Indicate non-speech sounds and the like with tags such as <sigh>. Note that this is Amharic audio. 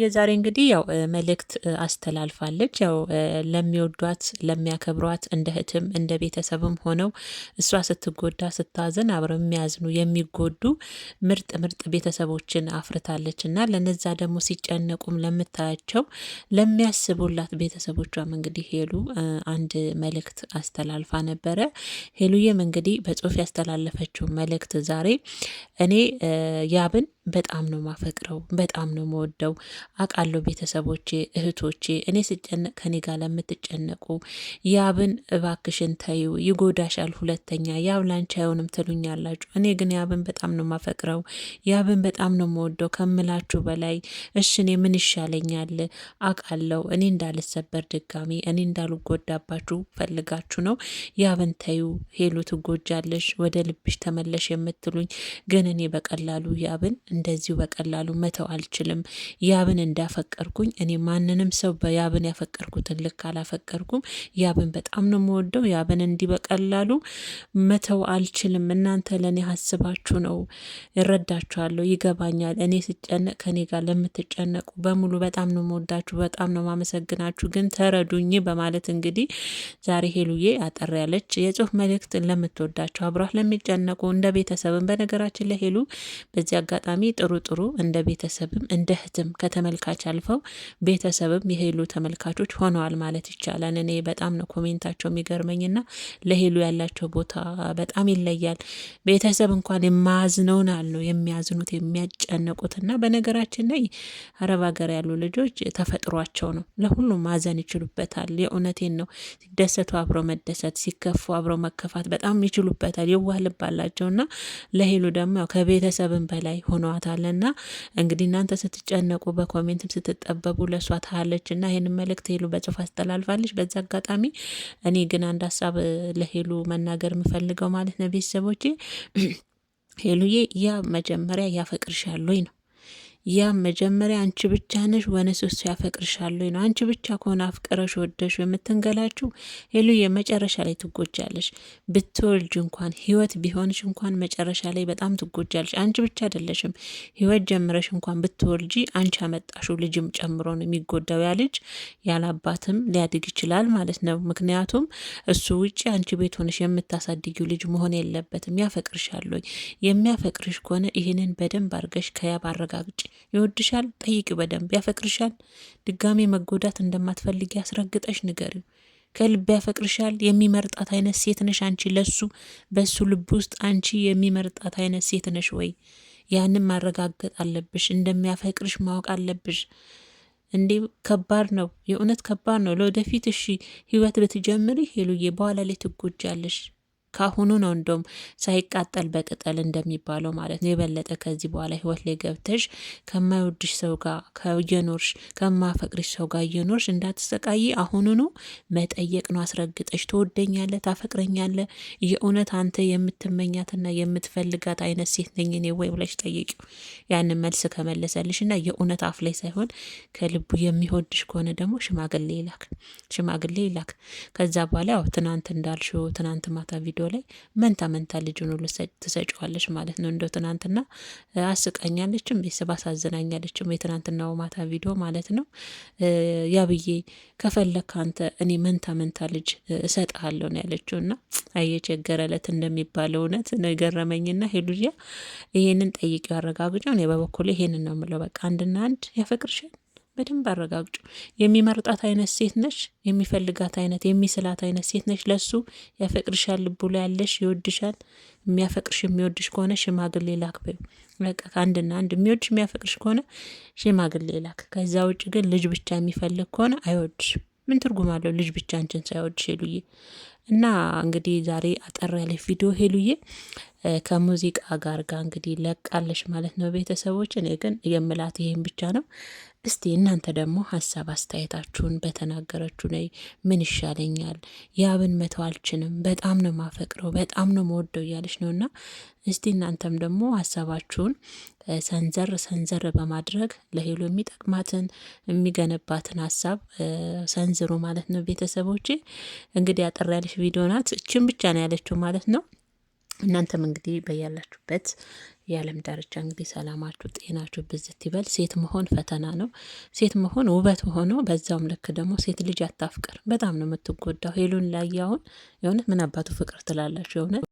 የዛሬ እንግዲህ ያው መልእክት አስተላልፋለች። ያው ለሚወዷት ለሚያከብሯት፣ እንደ እህትም እንደ ቤተሰብም ሆነው እሷ ስትጎዳ ስታዘን አብረው የሚያዝኑ የሚጎዱ ምርጥ ምርጥ ቤተሰቦችን አፍርታለች እና ለነዛ ደግሞ ሲጨነቁም ለምታያቸው ለሚያስቡላት ቤተሰቦቿም እንግዲህ ሄሉ አንድ መልእክት አስተላልፋ ነበረ። ሄሉዬም እንግዲህ በጽሁፍ ያስተላለፈችው መልእክት ዛሬ እኔ ያብን በጣም ነው ማፈቅረው፣ በጣም ነው መወደው። አቃለው ቤተሰቦቼ፣ እህቶቼ፣ እኔ ስጨነቅ ከኔ ጋር ለምትጨነቁ ያብን እባክሽን ተይው ይጎዳሻል፣ ሁለተኛ ያብ ላንቺ አይሆንም ትሉኛላችሁ። እኔ ግን ያብን በጣም ነው ማፈቅረው፣ ያብን በጣም ነው መወደው ከምላችሁ በላይ። እሺ እኔ ምን ይሻለኛል? አቃለው እኔ እንዳልሰበር ድጋሚ እኔ እንዳልጎዳባችሁ ፈልጋችሁ ነው ያብን ተዩ፣ ሄሉ ትጎጃለሽ፣ ወደ ልብሽ ተመለሽ የምትሉኝ ግን እኔ በቀላሉ ያብን እንደዚሁ በቀላሉ መተው አልችልም። ያብን እንዳፈቀርኩኝ እኔ ማንንም ሰው በያብን ያፈቀርኩትን ልክ አላፈቀርኩም። ያብን በጣም ነው የምወደው። ያብን እንዲህ በቀላሉ መተው አልችልም። እናንተ ለእኔ ሀስባችሁ ነው፣ እረዳችኋለሁ፣ ይገባኛል። እኔ ስጨነቅ ከኔ ጋር ለምትጨነቁ በሙሉ በጣም ነው የምወዳችሁ፣ በጣም ነው ማመሰግናችሁ፣ ግን ተረዱኝ በማለት እንግዲህ ዛሬ ሄሉዬ አጠር ያለች የጽሁፍ መልእክት ለምትወዳቸው አብሯት ለሚጨነቁ እንደ ቤተሰብን በነገራችን ለሄሉ በዚህ አጋጣሚ ጥሩ ጥሩ እንደ ቤተሰብም እንደ እህትም ከተመልካች አልፈው ቤተሰብም የሄሉ ተመልካቾች ሆነዋል ማለት ይቻላል። እኔ በጣም ነው ኮሜንታቸው የሚገርመኝና ለሄሉ ያላቸው ቦታ በጣም ይለያል። ቤተሰብ እንኳን የማያዝነውን አሉ የሚያዝኑት የሚያጨነቁትና በነገራችን ላይ አረብ ሀገር ያሉ ልጆች ተፈጥሯቸው ነው። ለሁሉም ማዘን ይችሉበታል። የእውነቴን ነው። ሲደሰቱ አብሮ መደሰት፣ ሲከፉ አብሮ መከፋት በጣም ይችሉበታል። የዋህ ልብ አላቸውና ለሄሉ ደግሞ ከቤተሰብን በላይ ሆነዋል። ገጥሟታልና እንግዲህ እናንተ ስትጨነቁ በኮሜንትም ስትጠበቡ ለእሷ ታለች እና ይህን መልእክት ሄሉ በጽሁፍ አስተላልፋለች። በዚ አጋጣሚ እኔ ግን አንድ ሀሳብ ለሄሉ መናገር የምፈልገው ማለት ነው ቤተሰቦቼ <clears throat> ሄሉዬ ያ መጀመሪያ ያፈቅርሻል ነው ያ መጀመሪያ አንቺ ብቻ ነሽ ወይንስ እሱ ያፈቅርሻል ነው? አንቺ ብቻ ከሆነ አፍቅረሽ ወደሽ የምትንገላችሁ ሄሉ የመጨረሻ ላይ ትጎጃለሽ። ብትወልጅ እንኳን ህይወት ቢሆንሽ እንኳን መጨረሻ ላይ በጣም ትጎጃለሽ። አንቺ ብቻ አይደለሽም። ህይወት ጀምረሽ እንኳን ብትወልጂ አንቺ ያመጣሽው ልጅም ጨምሮ ነው የሚጎዳው። ያ ልጅ ያለ አባትም ሊያድግ ይችላል ማለት ነው። ምክንያቱም እሱ ውጭ አንቺ ቤት ሆነሽ የምታሳድጊው ልጅ መሆን የለበትም። ያፈቅርሻለሁ። የሚያፈቅርሽ ከሆነ ይህንን በደንብ አድርገሽ ከያብ አረጋግጪ። ይወድሻል፣ ጠይቅ በደንብ ያፈቅርሻል። ድጋሜ መጎዳት እንደማትፈልግ ያስረግጠሽ ንገሪው። ከልብ ያፈቅርሻል። የሚመርጣት አይነት ሴት ነሽ አንቺ። ለሱ በሱ ልብ ውስጥ አንቺ የሚመርጣት አይነት ሴት ነሽ ወይ? ያንም ማረጋገጥ አለብሽ። እንደሚያፈቅርሽ ማወቅ አለብሽ። እንዴ ከባድ ነው፣ የእውነት ከባድ ነው። ለወደፊት እሺ ህይወት ብትጀምሪ ሄሉዬ፣ በኋላ ላይ ትጎጃለሽ። ካሁኑ ነው እንደም ሳይቃጠል በቅጠል እንደሚባለው ማለት ነው። የበለጠ ከዚህ በኋላ ህይወት ላይ ገብተሽ ከማይወድሽ ሰው ጋር ከየኖርሽ ከማፈቅርሽ ሰው ጋር እየኖርሽ እንዳትሰቃይ አሁኑኑ መጠየቅ ነው። አስረግጠሽ ትወደኛለ፣ ታፈቅረኛለ፣ የእውነት አንተ የምትመኛትና የምትፈልጋት አይነት ሴት ነኝ እኔ ወይ ብለሽ ጠይቂው። ያንን መልስ ከመለሰልሽ እና የእውነት አፍ ላይ ሳይሆን ከልቡ የሚወድሽ ከሆነ ደግሞ ሽማግሌ ይላክ፣ ሽማግሌ ይላክ። ከዛ በኋላ ያው ትናንት እንዳልሽው ትናንት ማታ ቪዲዮ ቪዲዮ ላይ መንታ መንታ ልጅ ነው ትሰጪዋለች ማለት ነው። እንደው ትናንትና አስቀኛለችም፣ ቤተሰብ አሳዝናኛለችም። የትናንትናው ማታ ቪዲዮ ማለት ነው። ያብዬ ከፈለክ አንተ እኔ መንታ መንታ ልጅ እሰጥሃለሁ ነው ያለችው። እና አየቸገረለት የገረለት እንደሚባለው እውነት ነው የገረመኝና ሄሉያ ይሄንን ጠይቂው አረጋግጫው። እኔ በበኩሌ ይሄንን ነው የምለው፣ በቃ አንድና አንድ ያፈቅርሻል በደንብ አረጋግጩ። የሚመርጣት አይነት ሴት ነች፣ የሚፈልጋት አይነት የሚስላት አይነት ሴት ነች። ለሱ ያፈቅርሻል፣ ልቡ ላይ ያለሽ ይወድሻል። የሚያፈቅርሽ የሚወድሽ ከሆነ ሽማግሌ ላክ በይው። በቃ ከአንድና አንድ የሚወድሽ የሚያፈቅርሽ ከሆነ ሽማግሌ ላክ። ከዛ ውጭ ግን ልጅ ብቻ የሚፈልግ ከሆነ አይወድሽም። ምን ትርጉም አለው ልጅ ብቻ አንቺን ሳይወድሽ? ሄሉዬ እና እንግዲህ ዛሬ አጠር ያለ ቪዲዮ ሄሉዬ ከሙዚቃ ጋር ጋር እንግዲህ ለቃለሽ ማለት ነው ቤተሰቦች። እኔ ግን የምላት ይሄን ብቻ ነው። እስቲ እናንተ ደግሞ ሀሳብ አስተያየታችሁን በተናገረችው ላይ ምን ይሻለኛል፣ ያብን መተው አልችልም፣ በጣም ነው ማፈቅረው፣ በጣም ነው መወደው እያለች ነው እና እስቲ እናንተም ደግሞ ሀሳባችሁን ሰንዘር ሰንዘር በማድረግ ለሄሎ የሚጠቅማትን የሚገነባትን ሀሳብ ሰንዝሩ ማለት ነው። ቤተሰቦቼ እንግዲህ አጠር ያለች ቪዲዮ ናት። እችን ብቻ ነው ያለችው ማለት ነው። እናንተም እንግዲህ በያላችሁበት የዓለም ዳርቻ እንግዲህ ሰላማችሁ፣ ጤናችሁ ብዝት ይበል። ሴት መሆን ፈተና ነው። ሴት መሆን ውበት ሆኖ በዛውም ልክ ደግሞ ሴት ልጅ አታፍቅር፣ በጣም ነው የምትጎዳው። ሄሉን ላይ አሁን የእውነት ምን አባቱ ፍቅር ትላላችሁ የእውነት